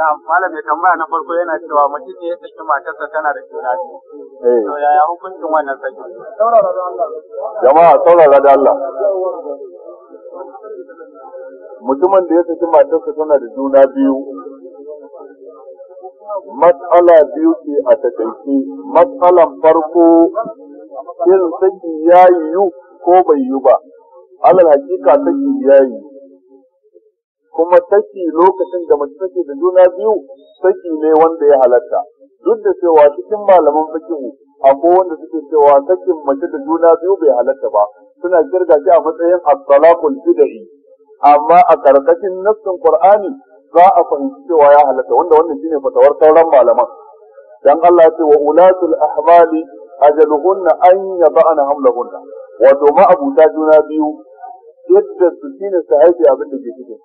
na malam ya tambaya na farko yana cewa mutum ne ya saki matarsa tana da juna biyu eh. to yaya hukuncin wannan saki jama'a saurara da Allah mutumin da ya saki matarsa tana da juna biyu matsala biyu ce a takaice matsalan farko shin saki ya yiwu ko bai yiwu ba alal hakika saki ya yiwu kuma saki lokacin da mace take da juna biyu saki ne wanda ya halatta duk da cewa cikin malaman fikihu akwai wanda suke cewa sakin mace da juna biyu bai halatta ba suna kirga shi a matsayin as-salaqul bid'i amma a karkashin nassin qur'ani za a fahimci cewa ya halatta wanda wannan shine fatawar sauran malaman dan Allah ya ce wa ulatul ahmali ajaluhunna an yaba'ana hamlahunna wato ma abuta juna biyu yadda su shine su haifi abin da ke cikin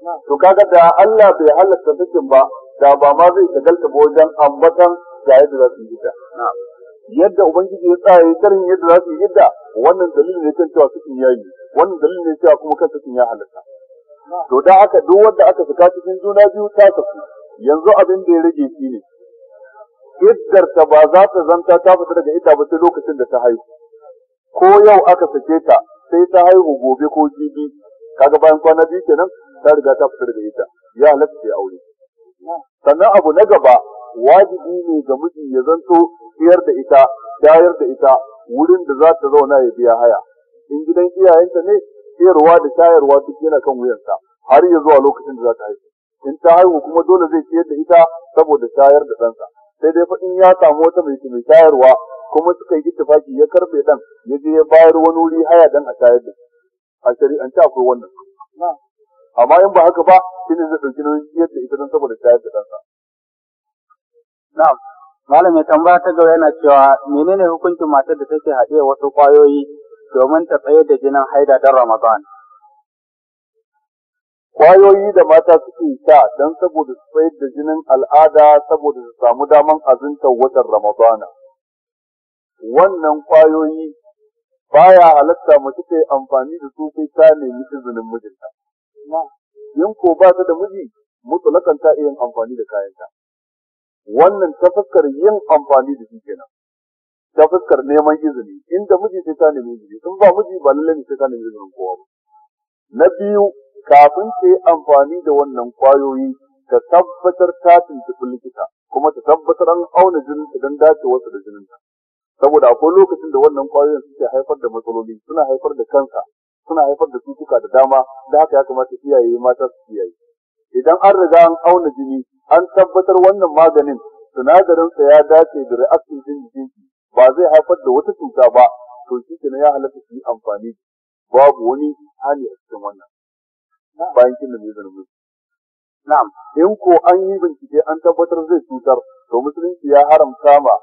to kaga da Allah bai halatta sakin ba da ba ma zai shagalta ba wajen ambatan ga yadda za su yi ta yadda ubangiji ya tsaya ya karin yadda za su yi yadda wannan dalilin ne kan cewa sakin ya yi wannan dalilin ne cewa kuma kan sakin ya halatta to da aka duk wanda aka saka cikin juna biyu ta tafi, yanzu abin da ya rage shi ne iddar ta ba za ta zanta ta fita daga ita ba sai lokacin da ta haihu ko yau aka sake ta sai ta haihu gobe ko jibi kaga bayan kwana biyu kenan ta riga ta fitar da ita ya halatta ya aure sannan abu na gaba wajibi ne ga miji ya zanto ciyar da ita dayar da ita wurin da za ta zauna ya biya haya in gidan iyayenta ne ciyarwa da tayarwa duk yana kan wuyansa har ya zuwa lokacin da za ta haihu in ta haihu kuma dole zai ciyar da ita saboda tayar da ɗansa sai dai faɗin ya samu wata mai mai tayarwa, kuma suka yi faki ya karbe ɗan, ya je ya bayar wani wuri haya dan a tayar da a shari'ance akwai wannan amma in ba haka ba shi ne zai ɗauki nauyin ciyar da ita don saboda shayar da ɗansa. Na'am. Malam ya tambaya ta gaba yana cewa menene hukuncin matar da take haɗe wasu ƙwayoyi domin ta tsaye da jinin haida don Ramadan? Ƙwayoyi da mata suke sha don saboda su tsayar da jinin al'ada saboda su samu daman azuntar watan Ramadana. Wannan ƙwayoyi baya halatta mace ta yi amfani da su sai ta nemi izinin mijinta. in ko ba ta da miji mutlakan ta iya amfani da kayanta wannan ta fuskar yin amfani da shi kenan ta fuskar neman izini inda miji sai ta nemi izini in ba miji ba lalle ne sai ta nemi izinin kowa ba na biyu kafin ta yi amfani da wannan kwayoyi ta tabbatar ta tuntuɓi likita kuma ta tabbatar an auna jinin ta don dacewarsa da jinin jininta saboda akwai lokacin da wannan kwayoyin suke haifar da matsaloli suna haifar da kansa suna haifar da cutuka da dama da haka ya kamata iyaye mata su kiyaye idan an riga an auna jini an tabbatar wannan maganin sinadarinsa ya dace da reaction din jikinki ba zai haifar da wata cuta ba to shi kenan ya halatta su yi amfani babu wani hali a cikin wannan bayan kin da mai zanubin na'am in ko an yi bincike an tabbatar zai cutar to musulunci ya haramta ma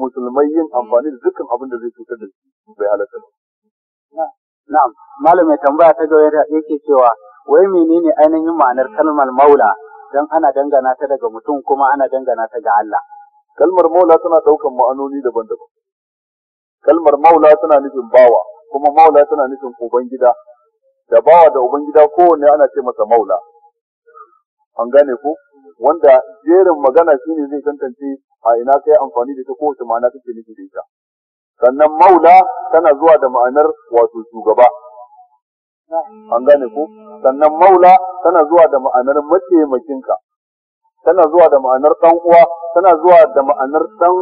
musulmai yin amfani da dukkan abin da zai cutar da su bai halatta ba Na'am, malam mai tambaya ta gaba yake cewa wai menene ainihin ma'anar kalmar maula dan ana dangana ta daga mutum kuma ana dangana ta ga Allah. Kalmar maula tana daukan ma'anoni daban-daban. Kalmar maula tana nufin bawa, kuma maula tana nufin ubangida. Da bawa da ubangida kowanne ana ce masa maula. An gane ko? Wanda jerin magana shine zai tantance a ina kai amfani da ta kowace ma'ana kake nufi da ita. sannan maula tana zuwa da ma'anar wato shugaba an gane ku sannan maula tana zuwa da ma'anar mataimakinka tana zuwa da ma'anar dan uwa tana zuwa da ma'anar dan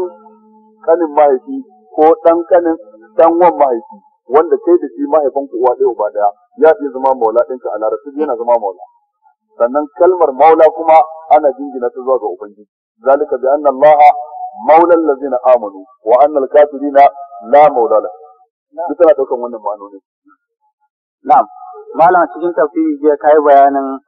kanin mahaifi ko dan kanin dan wan mahaifi wanda kai da shi mahaifin ku uwa ɗaya uba ɗaya ya fi zama maula ɗinka a larabci yana zama maula sannan kalmar maula kuma ana jingina ta zuwa ga ubangiji zalika bi anna maulan lazina amanu wa annal kafirina la maula la duk tana daukan wannan ma'anoni na'am malam cikin tafsiri je kai bayanin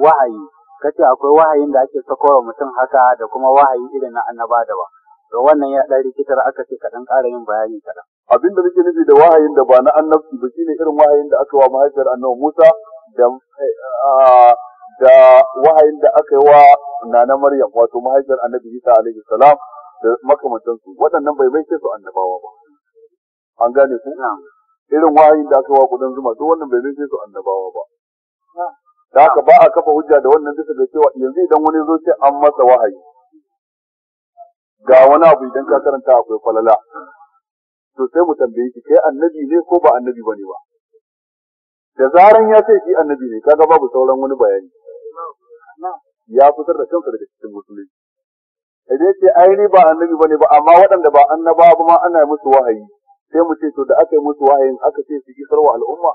wahayi kace akwai wahayin da ake sakowa mutum haka da kuma wahayi irin na annaba da ba da wannan ya dan rikitar aka ce kaɗan ƙara yin bayani kaɗan. Abin da nake nufi da wahayin da ba na annabci ba shine irin wahayin da aka wa mahaifiyar annabi Musa da eh, da wahayin da aka yi wa nana Maryam wato mahaifiyar Annabi Isa alaihi salam da makamantan su waɗannan bai bai su annabawa ba an gane ku irin wahayin da aka wa kudan zuma duk wannan bai bai su annabawa ba da haka ba a kafa hujja da wannan duka da cewa yanzu idan wani zo ce an masa wahayi ga wani abu idan ka karanta akwai falala to sai mu tambaye shi kai annabi ne ko ba annabi bane ba da zaran ya ce shi annabi ne kaga babu sauran wani bayani ya fitar da kansa daga cikin musulunci idan ce aini ba annabi bane ba amma waɗanda ba annaba ba ma ana musu wahayi sai mu ce to da aka yi musu wahayin aka ce su isar wa al'umma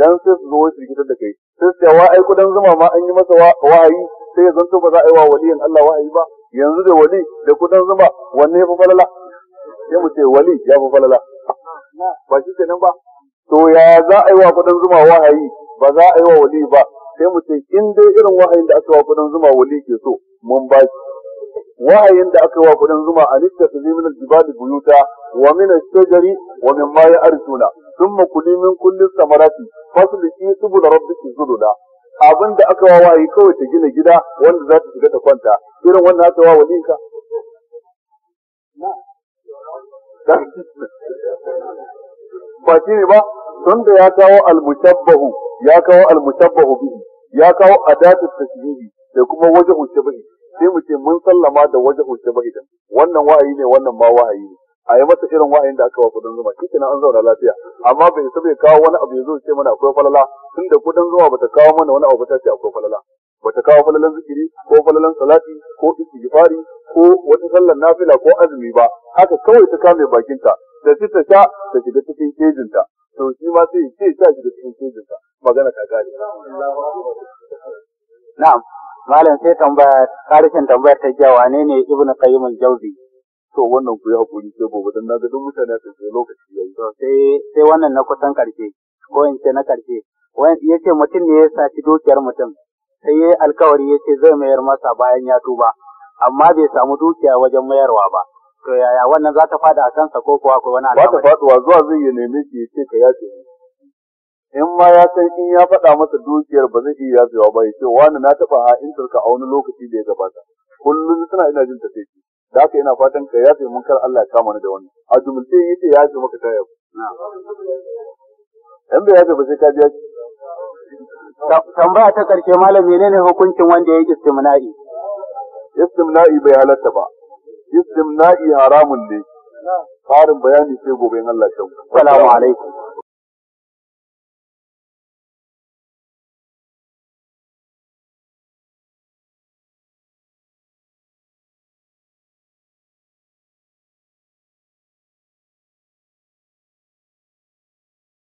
dan sai su zo su gidan da kai sai su wa ai kudan zuma ma an yi masa wahayi sai ya zanto ba za a yi wa waliyin Allah wahayi ba yanzu da wali da kudan zuma wanne ya fi falala sai mu ce wali ya fi falala ba shi kenan ba to ya za a yi wa kudan zuma wahayi ba za a yi wa wali ba sai mu ce in dai irin wahayin da aka wa kudin zuma wali ke so mun ba shi wahayin da aka wa kudin zuma a nista su zai minar jibali buyuta wa minar shagari wa min ma ya arsuna sun makuli min kullum samarati fasuliki subula rabbiki da abin da aka wa wahayi kawai ta gina gida wanda za ta shiga ta kwanta irin wannan aka wa ka? ba shi ne ba sun da ya kawo al-mushabbahu ya kawo al-mushabbahu bihi ya kawo adatu tashbihi da kuma waje bai sai mu ce mun sallama da waje bai din wannan wa'ayi ne wannan ba wa'ayi ne a yi masa irin wa'ayin da aka wa zuma shi kenan an zauna lafiya amma bai isa bai kawo wani abu ya zo ce mana akwai falala tun da kudin zuma bata kawo mana wani abu bata ta ce akwai falala bata kawo falalan zikiri ko falalan salati ko istighfari ko wata sallar nafila ko azumi ba haka kawai ta kame bakinta da ta ta ta shiga cikin kejinta to shi ma sai ya ce ta shiga cikin kejinta magana ka gane na'am malam sai tambaya karshen tambayar ta jiya wane ne ibnu qayyim al-jawzi to wannan ku ya hakuri ke gobe dan naga duk mutane su ce lokaci yayi to sai sai wannan na kusan karshe ko in ce na karshe wayan yace mutum ne ya saci dukiyar mutum sai yayi alkawari yace zai mayar masa bayan ya tuba amma bai samu dukiya wajen mayarwa ba to yaya wannan za ta fada a kansa ko kuwa akwai wani alama ba ta faduwa zuwa zai yi neme ki ce ka yace in ma ya san in ya faɗa masa dukiyar ba zai iya yafewa ba ya ce wani na taɓa in ka a wani lokaci da ya gabata kullum suna ina jin tafiye da haka ina fatan ka yafe mun kar Allah ya kama ni da wani a jumulce yace ya yafe maka ta ku. Yan bai yafe ba sai ka biya tambaya ta karshe malam menene hukuncin wanda ya yi istimna'i istimna'i bai halatta ba istimna'i haramun ne Farin bayani sai gobe in Allah ya kawo. Assalamu alaikum.